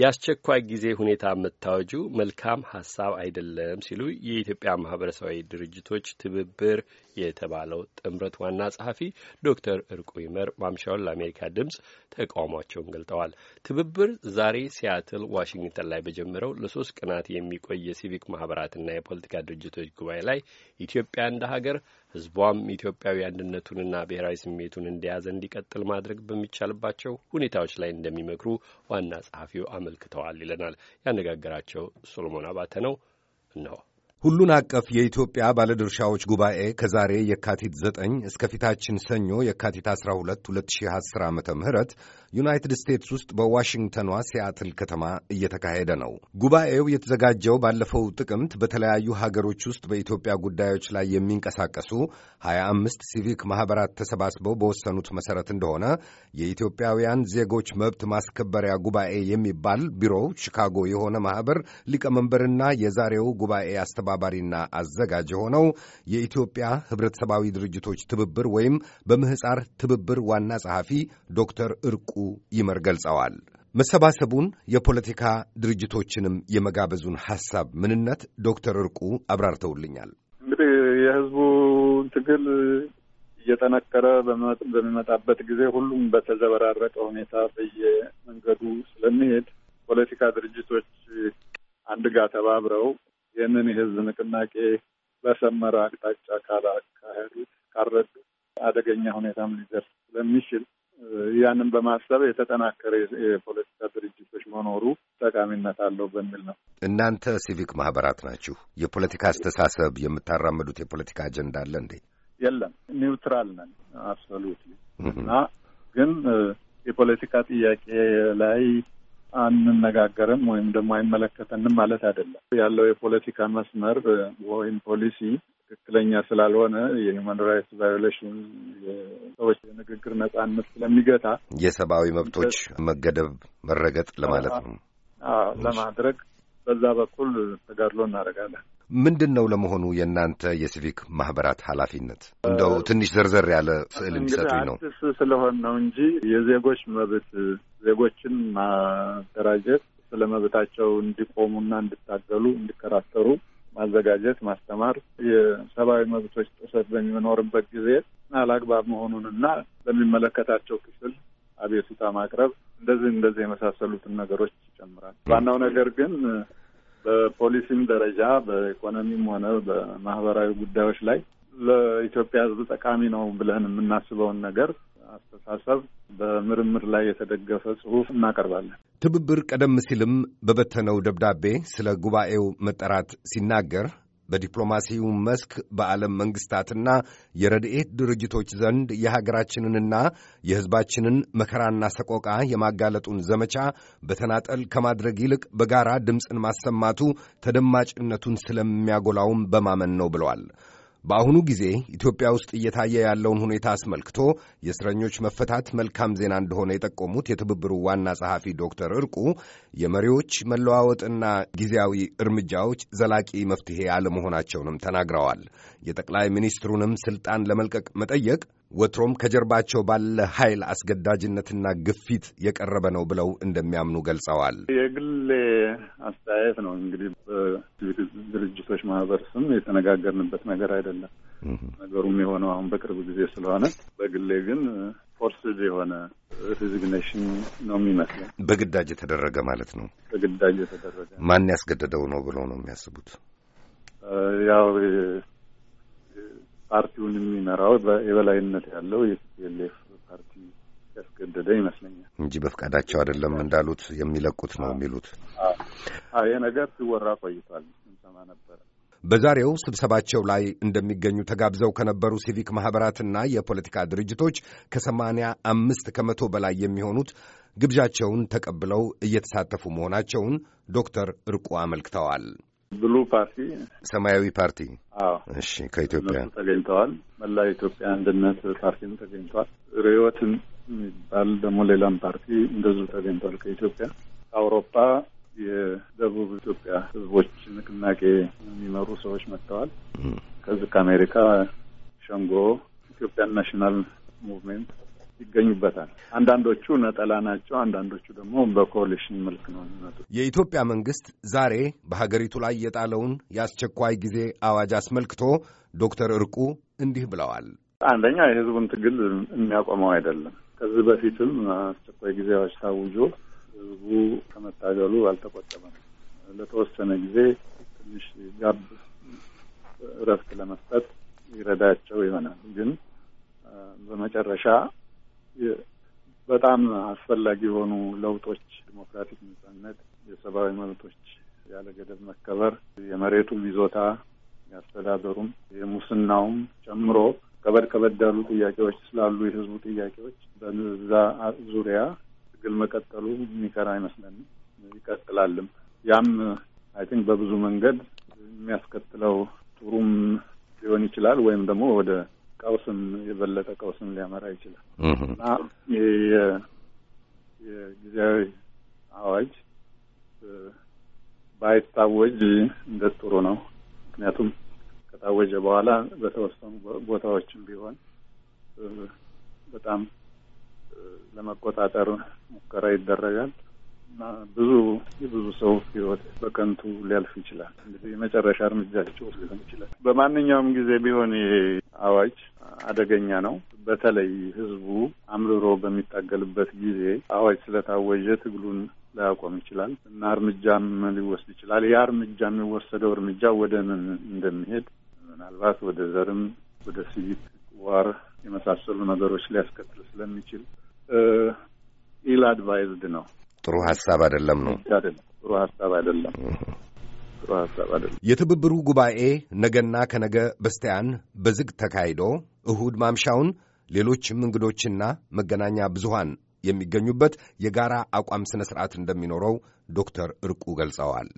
የአስቸኳይ ጊዜ ሁኔታ መታወጁ መልካም ሀሳብ አይደለም ሲሉ የኢትዮጵያ ማህበረሰባዊ ድርጅቶች ትብብር የተባለው ጥምረት ዋና ጸሐፊ ዶክተር እርቁ ይመር ማምሻውን ለአሜሪካ ድምፅ ተቃውሟቸውን ገልጠዋል። ትብብር ዛሬ ሲያትል ዋሽንግተን ላይ በጀመረው ለሶስት ቀናት የሚቆይ የሲቪክ ማህበራትና የፖለቲካ ድርጅቶች ጉባኤ ላይ ኢትዮጵያ እንደ ሀገር ህዝቧም ኢትዮጵያዊ አንድነቱንና ብሔራዊ ስሜቱን እንደያዘ እንዲቀጥል ማድረግ በሚቻልባቸው ሁኔታዎች ላይ እንደሚመክሩ ዋና ጸሐፊው አመልክተዋል ይለናል። ያነጋገራቸው ሶሎሞን አባተ ነው እነሆ ሁሉን አቀፍ የኢትዮጵያ ባለድርሻዎች ጉባኤ ከዛሬ የካቲት 9 እስከ ፊታችን ሰኞ የካቲት 12 2010 ዓ ም ዩናይትድ ስቴትስ ውስጥ በዋሽንግተኗ ሲያትል ከተማ እየተካሄደ ነው። ጉባኤው የተዘጋጀው ባለፈው ጥቅምት በተለያዩ ሀገሮች ውስጥ በኢትዮጵያ ጉዳዮች ላይ የሚንቀሳቀሱ 25 ሲቪክ ማኅበራት ተሰባስበው በወሰኑት መሠረት እንደሆነ የኢትዮጵያውያን ዜጎች መብት ማስከበሪያ ጉባኤ የሚባል ቢሮው ሺካጎ የሆነ ማኅበር ሊቀመንበርና የዛሬው ጉባኤ አስተባ አስተባባሪና አዘጋጅ የሆነው የኢትዮጵያ ህብረተሰባዊ ድርጅቶች ትብብር ወይም በምህፃር ትብብር ዋና ጸሐፊ ዶክተር እርቁ ይመር ገልጸዋል። መሰባሰቡን የፖለቲካ ድርጅቶችንም የመጋበዙን ሐሳብ ምንነት ዶክተር እርቁ አብራርተውልኛል። እንግዲህ የህዝቡ ትግል እየጠነከረ በሚመጣበት ጊዜ ሁሉም በተዘበራረቀ ሁኔታ በየመንገዱ ስለሚሄድ ፖለቲካ ድርጅቶች አንድ ጋር ተባብረው ይህንን የህዝብ ንቅናቄ በሰመረ አቅጣጫ ካላካሄዱ ካልረዱት አደገኛ ሁኔታም ሊደርስ ስለሚችል ያንን በማሰብ የተጠናከረ የፖለቲካ ድርጅቶች መኖሩ ጠቃሚነት አለው በሚል ነው። እናንተ ሲቪክ ማህበራት ናችሁ። የፖለቲካ አስተሳሰብ የምታራምዱት የፖለቲካ አጀንዳ አለ እንዴ? የለም። ኒውትራል ነን አብሶሉት እና ግን የፖለቲካ ጥያቄ ላይ አንነጋገርም ወይም ደግሞ አይመለከተንም ማለት አይደለም። ያለው የፖለቲካ መስመር ወይም ፖሊሲ ትክክለኛ ስላልሆነ የሁማን ራይትስ ቫዮሌሽን ሰዎች የንግግር ነጻነት ስለሚገታ የሰብአዊ መብቶች መገደብ መረገጥ ለማለት ነው ለማድረግ በዛ በኩል ተጋድሎ እናደርጋለን። ምንድን ነው ለመሆኑ የእናንተ የሲቪክ ማህበራት ኃላፊነት? እንደው ትንሽ ዘርዘር ያለ ስዕል እንዲሰጡኝ ነው። አዲስ ስለሆን ነው እንጂ የዜጎች መብት ዜጎችን ማደራጀት ስለ መብታቸው እንዲቆሙና እንዲታገሉ እንዲከራከሩ ማዘጋጀት፣ ማስተማር የሰብአዊ መብቶች ጥሰት በሚኖርበት ጊዜ አላግባብ መሆኑንና በሚመለከታቸው ክፍል አቤቱታ ማቅረብ እንደዚህ እንደዚህ የመሳሰሉትን ነገሮች ይጨምራል። ዋናው ነገር ግን በፖሊሲም ደረጃ በኢኮኖሚም ሆነ በማህበራዊ ጉዳዮች ላይ ለኢትዮጵያ ሕዝብ ጠቃሚ ነው ብለን የምናስበውን ነገር አስተሳሰብ በምርምር ላይ የተደገፈ ጽሑፍ እናቀርባለን። ትብብር ቀደም ሲልም በበተነው ደብዳቤ ስለ ጉባኤው መጠራት ሲናገር በዲፕሎማሲው መስክ በዓለም መንግሥታትና የረድኤት ድርጅቶች ዘንድ የሀገራችንንና የሕዝባችንን መከራና ሰቆቃ የማጋለጡን ዘመቻ በተናጠል ከማድረግ ይልቅ በጋራ ድምፅን ማሰማቱ ተደማጭነቱን ስለሚያጎላውም በማመን ነው ብለዋል። በአሁኑ ጊዜ ኢትዮጵያ ውስጥ እየታየ ያለውን ሁኔታ አስመልክቶ የእስረኞች መፈታት መልካም ዜና እንደሆነ የጠቆሙት የትብብሩ ዋና ጸሐፊ ዶክተር እርቁ የመሪዎች መለዋወጥና ጊዜያዊ እርምጃዎች ዘላቂ መፍትሄ አለመሆናቸውንም ተናግረዋል። የጠቅላይ ሚኒስትሩንም ስልጣን ለመልቀቅ መጠየቅ ወትሮም ከጀርባቸው ባለ ኃይል አስገዳጅነትና ግፊት የቀረበ ነው ብለው እንደሚያምኑ ገልጸዋል። የግል አስተያየት ነው እንግዲህ በሲቪክ ድርጅቶች ማህበር ስም የተነጋገርንበት ነገር አይደለም። ነገሩም የሆነው አሁን በቅርብ ጊዜ ስለሆነ በግሌ ግን ፎርስድ የሆነ ሬዚግኔሽን ነው የሚመስለው። በግዳጅ የተደረገ ማለት ነው። በግዳጅ የተደረገ ማን ያስገደደው ነው ብለው ነው የሚያስቡት ያው ፓርቲውን የሚመራው የበላይነት ያለው የፒፒኤልኤፍ ፓርቲ ያስገደደ ይመስለኛል እንጂ በፍቃዳቸው አይደለም እንዳሉት የሚለቁት ነው የሚሉት። ይህ ነገር ሲወራ ቆይቷል፣ ስንሰማ ነበረ። በዛሬው ስብሰባቸው ላይ እንደሚገኙ ተጋብዘው ከነበሩ ሲቪክ ማኅበራትና የፖለቲካ ድርጅቶች ከሰማንያ አምስት ከመቶ በላይ የሚሆኑት ግብዣቸውን ተቀብለው እየተሳተፉ መሆናቸውን ዶክተር ርቁ አመልክተዋል። ብሉ ፓርቲ፣ ሰማያዊ ፓርቲ። አዎ፣ እሺ። ከኢትዮጵያ ተገኝተዋል። መላ ኢትዮጵያ አንድነት ፓርቲም ተገኝቷል። ርዕዮትም የሚባል ደግሞ ሌላም ፓርቲ እንደዚሁ ተገኝቷል። ከኢትዮጵያ ከአውሮፓ የደቡብ ኢትዮጵያ ህዝቦች ንቅናቄ የሚመሩ ሰዎች መጥተዋል። ከዚህ ከአሜሪካ ሸንጎ ኢትዮጵያን ናሽናል ሙቭሜንት ይገኙበታል። አንዳንዶቹ ነጠላ ናቸው፣ አንዳንዶቹ ደግሞ በኮሊሽን መልክ ነው ሚመጡ የኢትዮጵያ መንግስት ዛሬ በሀገሪቱ ላይ የጣለውን የአስቸኳይ ጊዜ አዋጅ አስመልክቶ ዶክተር እርቁ እንዲህ ብለዋል። አንደኛ የህዝቡን ትግል የሚያቆመው አይደለም። ከዚህ በፊትም አስቸኳይ ጊዜ አዋጅ ታውጆ ህዝቡ ከመታገሉ አልተቆጠበም። ለተወሰነ ጊዜ ትንሽ ጋብ እረፍት ለመስጠት ይረዳቸው ይሆናል ግን በመጨረሻ በጣም አስፈላጊ የሆኑ ለውጦች ዲሞክራቲክ ነጻነት፣ የሰብአዊ መብቶች ያለ ገደብ መከበር፣ የመሬቱም ይዞታ ያስተዳደሩም የሙስናውም ጨምሮ ከበድ ከበድ ያሉ ጥያቄዎች ስላሉ የህዝቡ ጥያቄዎች በዛ ዙሪያ ትግል መቀጠሉ የሚከራ አይመስለንም። ይቀጥላልም። ያም አይ ቲንክ በብዙ መንገድ የሚያስከትለው ጥሩም ሊሆን ይችላል ወይም ደግሞ ወደ ቀውስም የበለጠ ቀውስም ሊያመራ ይችላል እና የጊዜያዊ አዋጅ ባይታወጅ እንደ ጥሩ ነው። ምክንያቱም ከታወጀ በኋላ በተወሰኑ ቦታዎችም ቢሆን በጣም ለመቆጣጠር ሙከራ ይደረጋል። እና ብዙ የብዙ ሰው ህይወት በከንቱ ሊያልፍ ይችላል። እንግዲህ የመጨረሻ እርምጃ ሊጮህ ሊሆን ይችላል። በማንኛውም ጊዜ ቢሆን ይሄ አዋጅ አደገኛ ነው። በተለይ ህዝቡ አምርሮ በሚታገልበት ጊዜ አዋጅ ስለታወጀ ትግሉን ላያቆም ይችላል እና እርምጃም ሊወስድ ይችላል። ያ እርምጃ የሚወሰደው እርምጃ ወደ ምን እንደሚሄድ ምናልባት ወደ ዘርም ወደ ሲቪክ ዋር የመሳሰሉ ነገሮች ሊያስከትል ስለሚችል ኢል አድቫይዝድ ነው ጥሩ ሀሳብ አይደለም ነው። ጥሩ ሀሳብ አይደለም። የትብብሩ ጉባኤ ነገና ከነገ በስቲያን በዝግ ተካሂዶ እሁድ ማምሻውን ሌሎችም እንግዶችና መገናኛ ብዙሃን የሚገኙበት የጋራ አቋም ስነ ስርዓት እንደሚኖረው ዶክተር ዕርቁ ገልጸዋል።